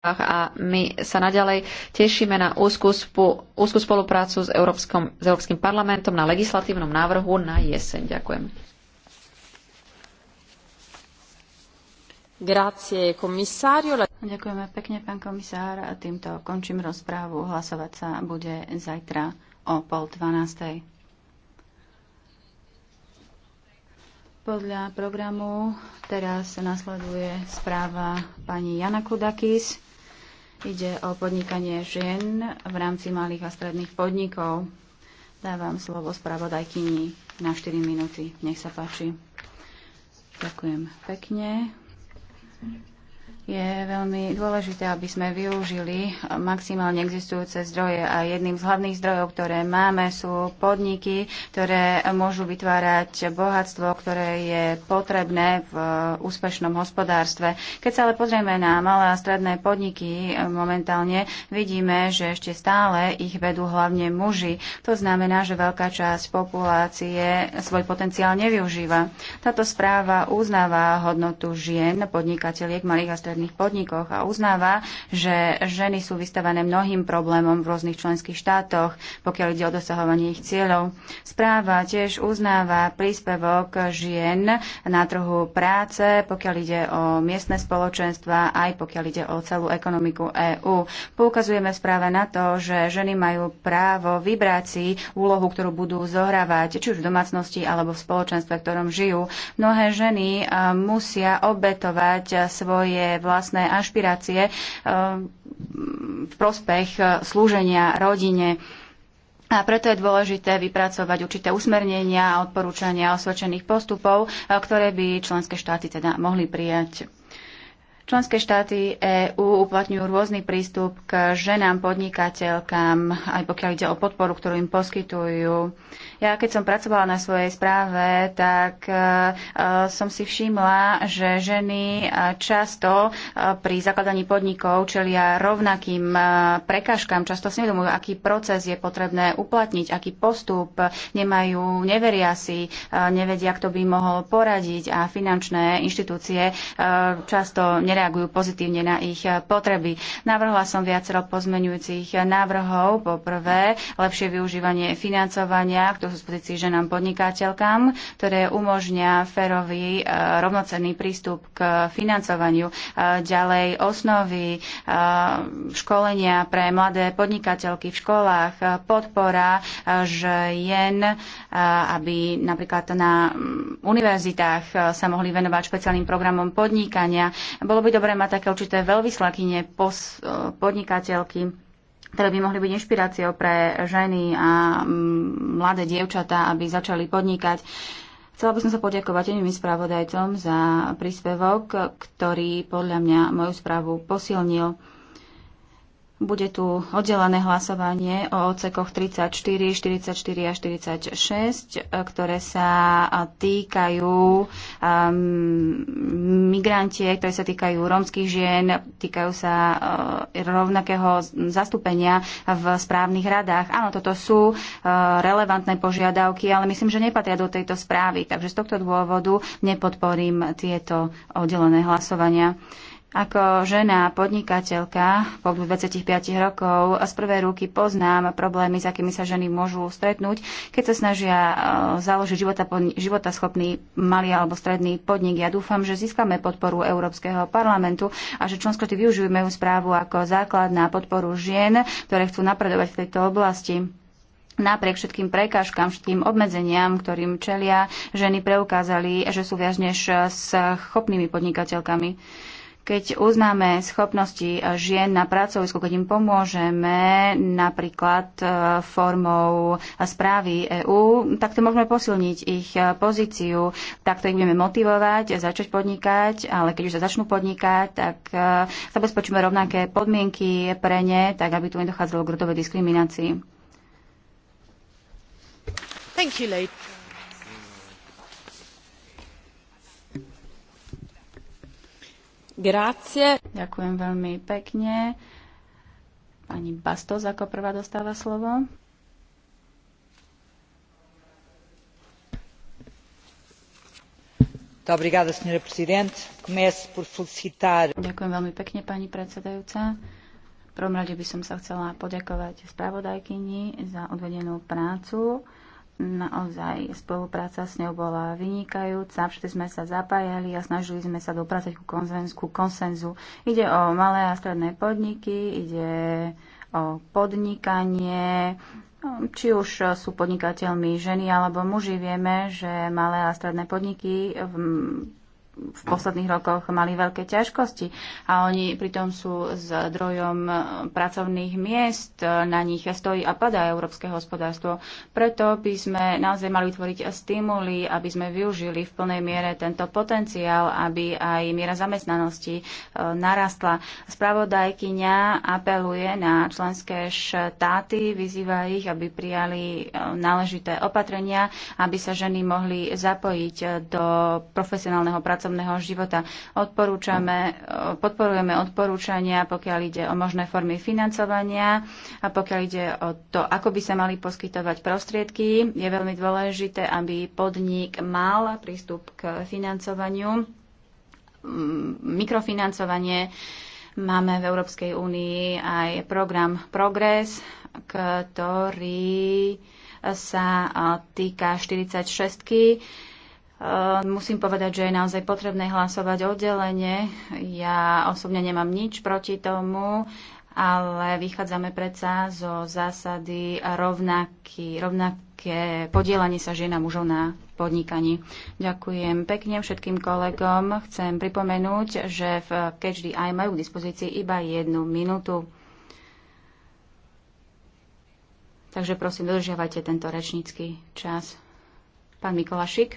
a my sa naďalej tešíme na úzkú, úzkú spoluprácu s, Európskom, s Európskym parlamentom na legislatívnom návrhu na jeseň. Ďakujem. Ďakujeme pekne, pán komisár. A týmto končím rozprávu. Hlasovať sa bude zajtra o pol dvanástej. Podľa programu teraz nasleduje správa pani Jana Kudakis. Ide o podnikanie žien v rámci malých a stredných podnikov. Dávam slovo spravodajkyni na 4 minúty. Nech sa páči. Ďakujem pekne je veľmi dôležité, aby sme využili maximálne existujúce zdroje a jedným z hlavných zdrojov, ktoré máme, sú podniky, ktoré môžu vytvárať bohatstvo, ktoré je potrebné v úspešnom hospodárstve. Keď sa ale pozrieme na malé a stredné podniky eh, momentálne, vidíme, že ešte stále ich vedú hlavne muži. To znamená, že veľká časť populácie svoj potenciál nevyužíva. Táto správa uznáva hodnotu žien, podnikateľiek malých a stredných stredných podnikoch a uznáva, že ženy sú vystavané mnohým problémom v rôznych členských štátoch, pokiaľ ide o dosahovanie ich cieľov. Správa tiež uznáva príspevok žien na trhu práce, pokiaľ ide o miestne spoločenstva, aj pokiaľ ide o celú ekonomiku EÚ. Poukazujeme správe na to, že ženy majú právo vybrať si úlohu, ktorú budú zohrávať, či už v domácnosti alebo v spoločenstve, v ktorom žijú. Mnohé ženy musia obetovať svoje vlastné vlastné ašpirácie eh, v prospech eh, slúženia rodine. A preto je dôležité vypracovať určité usmernenia a odporúčania osvedčených postupov, eh, ktoré by členské štáty teda mohli prijať. Členské štáty EÚ uplatňujú rôzny prístup k ženám podnikateľkám, aj pokiaľ ide o podporu, ktorú im poskytujú. Ja keď som pracovala na svojej správe, tak e, e, som si všimla, že ženy e, často pri zakladaní podnikov čelia rovnakým prekážkam, často si nedomujú, aký proces je potrebné uplatniť, aký postup nemajú, neveria si, nevedia, kto by mohol poradiť a finančné inštitúcie často nereagujú pozitívne na ich potreby. Navrhla som viacero pozmeňujúcich návrhov. Poprvé, lepšie využívanie financovania, kto dispozícii ženám podnikateľkám, ktoré umožňa férový e, rovnocenný prístup k financovaniu. E, ďalej osnovy, e, školenia pre mladé podnikateľky v školách, podpora žien, aby napríklad na mm, univerzitách sa mohli venovať špeciálnym programom podnikania. Bolo by dobré mať také určité veľvyslakyne podnikateľky ktoré by mohli byť inšpiráciou pre ženy a mm, mladé dievčatá, aby začali podnikať. Chcela by som sa poďakovať iným spravodajcom za príspevok, ktorý podľa mňa moju správu posilnil. Bude tu oddelené hlasovanie o odsekoch 34, 44 a 46, e, ktoré sa týkajú um, migrantie, ktoré sa týkajú rómskych žien, týkajú sa uh, rovnakého zastúpenia v správnych radách. Áno, toto sú uh, relevantné požiadavky, ale myslím, že nepatria do tejto správy. Takže z tohto dôvodu nepodporím tieto oddelené hlasovania. Ako žena, podnikateľka po 25 rokov z prvej ruky poznám problémy, s akými sa ženy môžu stretnúť, keď sa snažia e, založiť života, schopný malý alebo stredný podnik. Ja dúfam, že získame podporu Európskeho parlamentu a že členské využijú moju správu ako základ na podporu žien, ktoré chcú napredovať v tejto oblasti. Napriek všetkým prekážkam, všetkým obmedzeniam, ktorým čelia, ženy preukázali, že sú viac než schopnými podnikateľkami keď uznáme schopnosti žien na pracovisku, keď im pomôžeme napríklad e, formou e, správy EÚ, tak to môžeme posilniť ich e, pozíciu, takto ich budeme motivovať, začať podnikať, ale keď už sa začnú podnikať, tak zabezpečíme rovnaké podmienky pre ne, tak aby tu nedochádzalo k rodovej diskriminácii. Thank you, Grazie. Ďakujem veľmi pekne. Pani Bastos ako prvá dostáva slovo. Ďakujem veľmi pekne, pani predsedajúca. V prvom rade by som sa chcela poďakovať spravodajkyni za odvedenú prácu. Naozaj spolupráca s ňou bola vynikajúca, všetci sme sa zapájali a snažili sme sa dopracať ku konzensku, konsenzu. Ide o malé a stredné podniky, ide o podnikanie, či už sú podnikateľmi ženy alebo muži, vieme, že malé a stredné podniky v posledných rokoch mali veľké ťažkosti a oni pritom sú zdrojom pracovných miest, na nich stojí a padá európske hospodárstvo. Preto by sme naozaj mali vytvoriť stimuly, aby sme využili v plnej miere tento potenciál, aby aj miera zamestnanosti e, narastla. Spravodajkyňa apeluje na členské štáty, vyzýva ich, aby prijali e, náležité opatrenia, aby sa ženy mohli zapojiť do profesionálneho pracovného osobného života. Odporúčame, podporujeme odporúčania, pokiaľ ide o možné formy financovania a pokiaľ ide o to, ako by sa mali poskytovať prostriedky. Je veľmi dôležité, aby podnik mal prístup k financovaniu, mm, mikrofinancovanie. Máme v Európskej únii aj program Progress, ktorý sa týka 46 Ehm, musím povedať, že je naozaj potrebné hlasovať oddelenie. Ja osobne nemám nič proti tomu, ale vychádzame predsa zo zásady rovnaký, rovnaké podielanie sa žien a mužov na podnikaní. Ďakujem pekne všetkým kolegom. Chcem pripomenúť, že v každý aj majú k dispozícii iba jednu minútu. Takže prosím, dodržiavajte tento rečnícky čas. Pán Mikolašik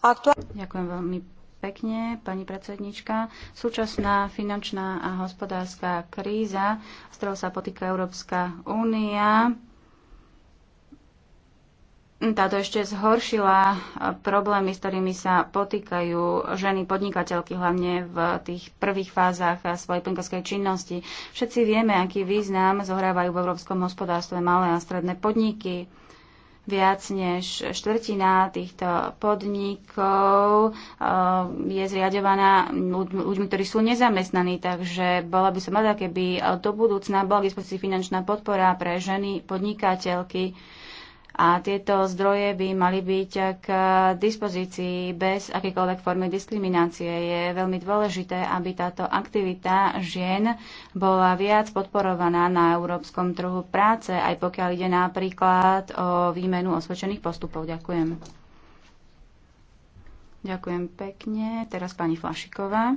Ďakujem veľmi pekne, pani predsednička. Súčasná finančná a hospodárska kríza, z ktorou sa potýka Európska únia, táto ešte zhoršila problémy, s ktorými sa potýkajú ženy podnikateľky, hlavne v tých prvých fázach svojej podnikateľskej činnosti. Všetci vieme, aký význam zohrávajú v európskom hospodárstve malé a stredné podniky. Viac než štvrtina týchto podnikov eh, je zriadovaná ľuďmi, ktorí sú nezamestnaní, takže bola by som rada, keby do budúcna bola k finančná podpora pre ženy podnikateľky, a tieto zdroje by mali byť k dispozícii bez akýkoľvek formy diskriminácie. Je veľmi dôležité, aby táto aktivita žien bola viac podporovaná na európskom trhu práce, aj pokiaľ ide napríklad o výmenu osvedčených postupov. Ďakujem. Ďakujem pekne. Teraz pani Flašiková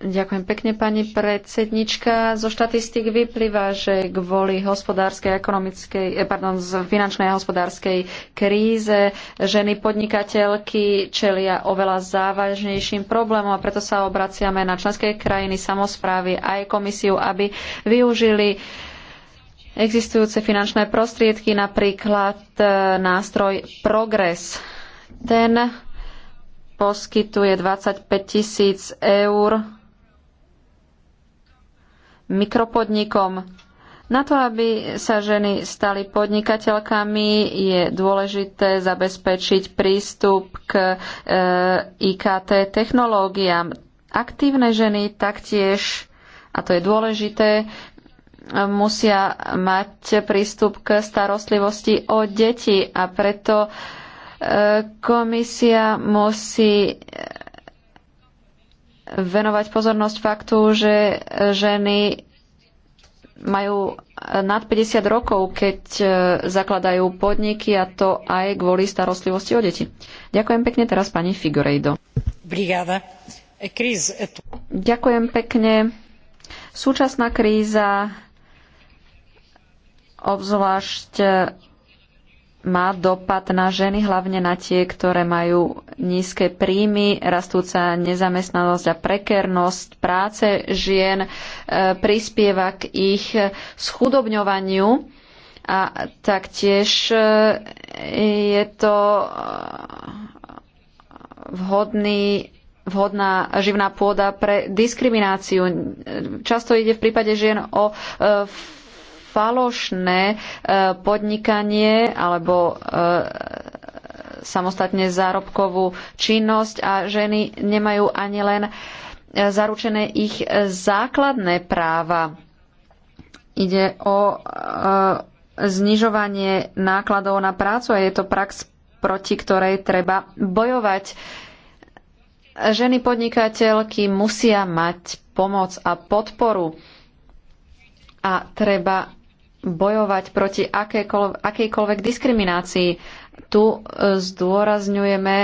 Ďakujem pekne, pani predsednička. Zo štatistik vyplýva, že kvôli hospodárskej, ekonomickej, eh, pardon, z finančnej a hospodárskej kríze ženy podnikateľky čelia oveľa závažnejším problémom a preto sa obraciame na členské krajiny, samozprávy aj komisiu, aby využili existujúce finančné prostriedky, napríklad eh, nástroj Progres. Ten poskytuje 25 tisíc eur mikropodnikom. Na to, aby sa ženy stali podnikateľkami, je dôležité zabezpečiť prístup k e, IKT technológiám. Aktívne ženy taktiež, a to je dôležité, musia mať prístup k starostlivosti o deti a preto e, komisia musí venovať pozornosť faktu, že e, ženy majú e, nad 50 rokov, keď e, zakladajú podniky a to aj kvôli starostlivosti o deti. Ďakujem pekne teraz pani Figurejdo. Ďakujem pekne. Súčasná kríza obzvlášť má dopad na ženy, hlavne na tie, ktoré majú nízke príjmy, rastúca nezamestnanosť a prekernosť práce žien e, prispieva k ich schudobňovaniu a taktiež e, je to e, vhodný vhodná živná pôda pre diskrimináciu. Často ide v prípade žien o falošné e, podnikanie alebo e, samostatne zárobkovú činnosť a ženy nemajú ani len e, zaručené ich základné práva. Ide o znižovanie nákladov na prácu a je to prax, proti ktorej treba bojovať. Ženy podnikateľky musia mať pomoc a podporu a treba bojovať proti akejkoľvek diskriminácii. Tu e, zdôrazňujeme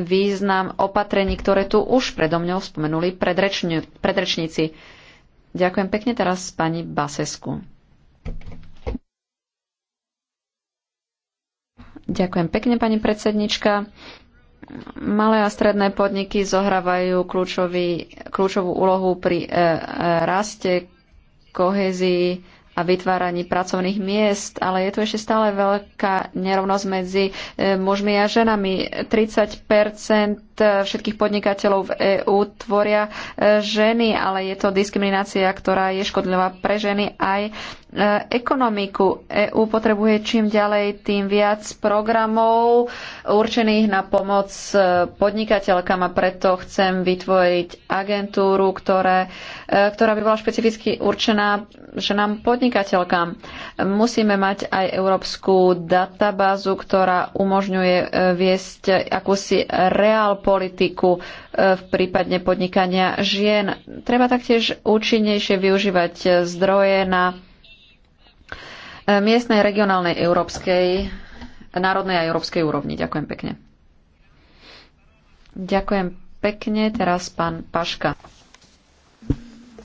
význam opatrení, ktoré tu už predo mňou spomenuli predrečni, predrečníci. Ďakujem pekne teraz pani Basesku. Ďakujem pekne, pani predsednička. Malé a stredné podniky zohrávajú kľúčový, kľúčovú úlohu pri e, e raste, kohezii a vytváraní pracovných miest, ale je tu ešte stále veľká nerovnosť medzi e, mužmi a ženami. 30 e, všetkých podnikateľov v EÚ tvoria e, ženy, ale je to diskriminácia, ktorá je škodlivá pre ženy aj ekonomiku. EÚ potrebuje čím ďalej tým viac programov určených na pomoc podnikateľkám a preto chcem vytvoriť agentúru, ktoré, ktorá by bola špecificky určená ženám podnikateľom podnikateľkám. Musíme mať aj európsku databázu, ktorá umožňuje e, viesť akúsi reál politiku e, v prípadne podnikania žien. Treba taktiež účinnejšie využívať zdroje na e, miestnej, regionálnej, európskej, národnej a európskej úrovni. Ďakujem pekne. Ďakujem pekne. Teraz pán Paška.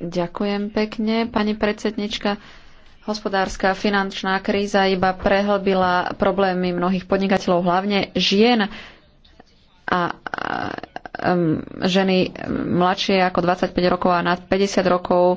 Ďakujem pekne, pani predsednička. Hospodárska finančná kríza iba prehlbila problémy mnohých podnikateľov, hlavne žien a ženy mladšie ako 25 rokov a nad 50 rokov e,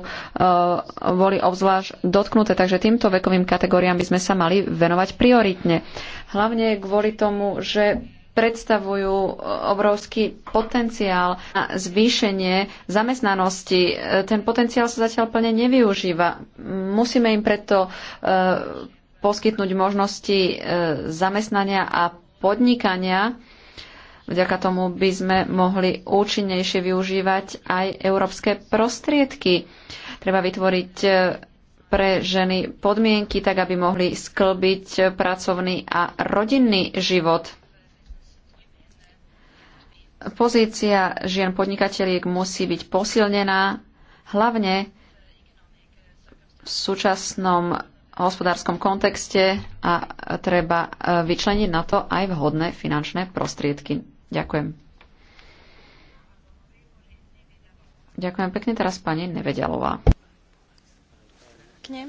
boli obzvlášť dotknuté, takže týmto vekovým kategóriám by sme sa mali venovať prioritne. Hlavne kvôli tomu, že predstavujú e, obrovský potenciál na zvýšenie zamestnanosti. E, ten potenciál sa zatiaľ plne nevyužíva. Musíme im preto e, poskytnúť možnosti zamestnania a podnikania. Vďaka tomu by sme mohli účinnejšie využívať aj európske prostriedky. Treba vytvoriť pre ženy podmienky, tak aby mohli sklbiť pracovný a rodinný život Pozícia žien podnikateliek musí byť posilnená, hlavne v súčasnom hospodárskom kontexte a treba e, vyčleniť na to aj vhodné finančné prostriedky. Ďakujem. Ďakujem pekne teraz pani Nevedialová. K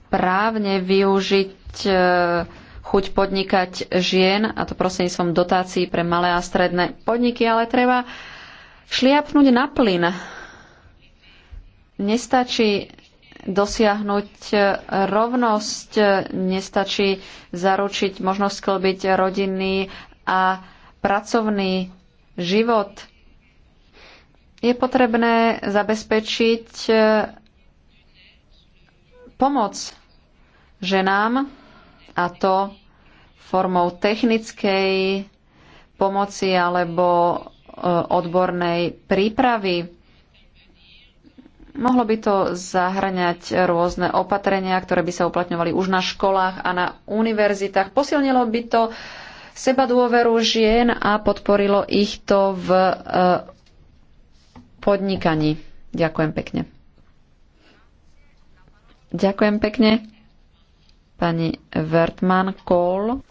právne využiť e, chuť podnikať žien, a to prosím som dotácií pre malé a stredné podniky, ale treba šliapnúť na plyn. Nestačí dosiahnuť rovnosť, nestačí zaručiť možnosť sklbiť rodinný a pracovný život. Je potrebné zabezpečiť e, pomoc ženám a to formou technickej pomoci alebo e, odbornej prípravy. Mohlo by to zahrňať rôzne opatrenia, ktoré by sa uplatňovali už na školách a na univerzitách. Posilnilo by to seba dôveru žien a podporilo ich to v e, podnikaní. Ďakujem pekne. Ďakujem pekne. Pani Wertmann Kohl.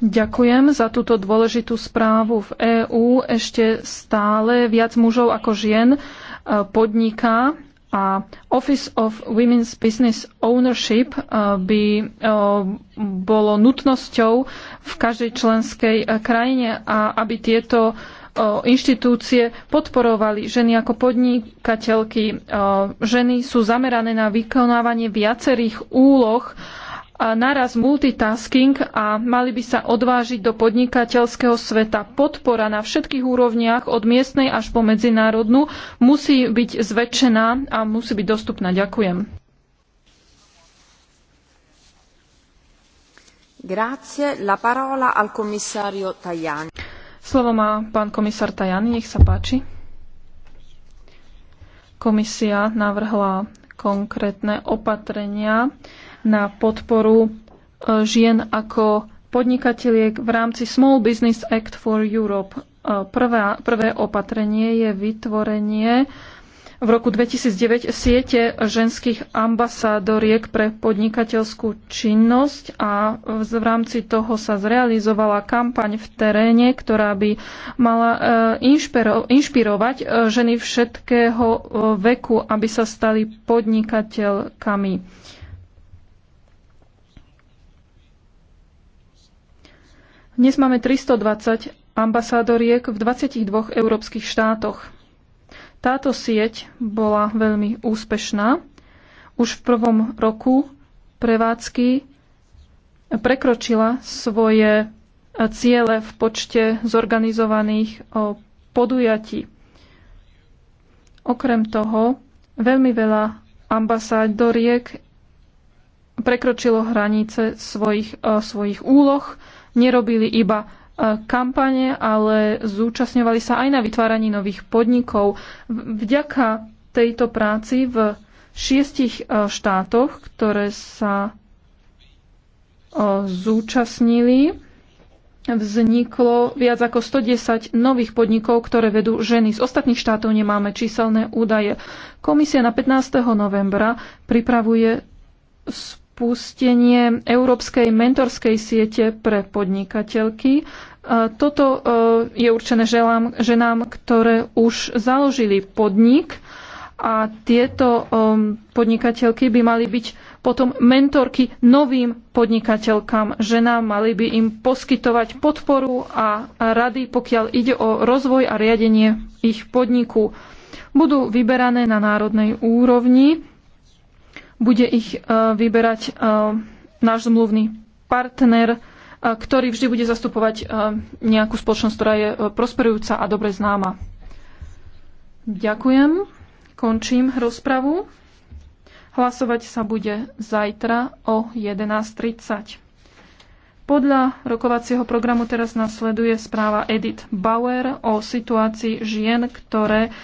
Ďakujem za túto dôležitú správu. V EÚ ešte stále viac mužov ako žien e, podniká a Office of Women's Business Ownership e, by e, bolo nutnosťou v každej členskej krajine, a aby tieto inštitúcie podporovali ženy ako podnikateľky. Ženy sú zamerané na vykonávanie viacerých úloh a naraz multitasking a mali by sa odvážiť do podnikateľského sveta. Podpora na všetkých úrovniach, od miestnej až po medzinárodnú, musí byť zväčšená a musí byť dostupná. Ďakujem. Grazie. La parola al commissario Tajani. Slovo má pán komisár Tajani, nech sa páči. Komisia navrhla konkrétne opatrenia na podporu e, žien ako podnikateliek v rámci Small Business Act for Europe. E, prvé, prvé opatrenie je vytvorenie v roku 2009 siete ženských ambasádoriek pre podnikateľskú činnosť a v rámci toho sa zrealizovala kampaň v teréne, ktorá by mala e, inšpiro, inšpirovať e, ženy všetkého e, veku, aby sa stali podnikateľkami. Dnes máme 320 ambasádoriek v 22 európskych štátoch. Táto sieť bola veľmi úspešná. Už v prvom roku prevádzky prekročila svoje ciele v počte zorganizovaných podujatí. Okrem toho, veľmi veľa ambasádoriek prekročilo hranice svojich, svojich úloh, nerobili iba kampane, ale zúčastňovali sa aj na vytváraní nových podnikov. Vďaka tejto práci v šiestich e, štátoch, ktoré sa e, zúčastnili, vzniklo viac ako 110 nových podnikov, ktoré vedú ženy. Z ostatných štátov nemáme číselné údaje. Komisia na 15. novembra pripravuje spustenie Európskej mentorskej siete pre podnikateľky, E, toto e, je určené ženám, ktoré už založili podnik a tieto e, podnikateľky by mali byť potom mentorky novým podnikateľkám. Ženám mali by im poskytovať podporu a rady, pokiaľ ide o rozvoj a riadenie ich podniku. Budú vyberané na národnej úrovni. Bude ich vyberať náš zmluvný partner ktorý vždy bude zastupovať e, nejakú spoločnosť, ktorá je e, prosperujúca a dobre známa. Ďakujem. Končím rozpravu. Hlasovať sa bude zajtra o 11.30. Podľa rokovacieho programu teraz nasleduje správa Edith Bauer o situácii žien, ktoré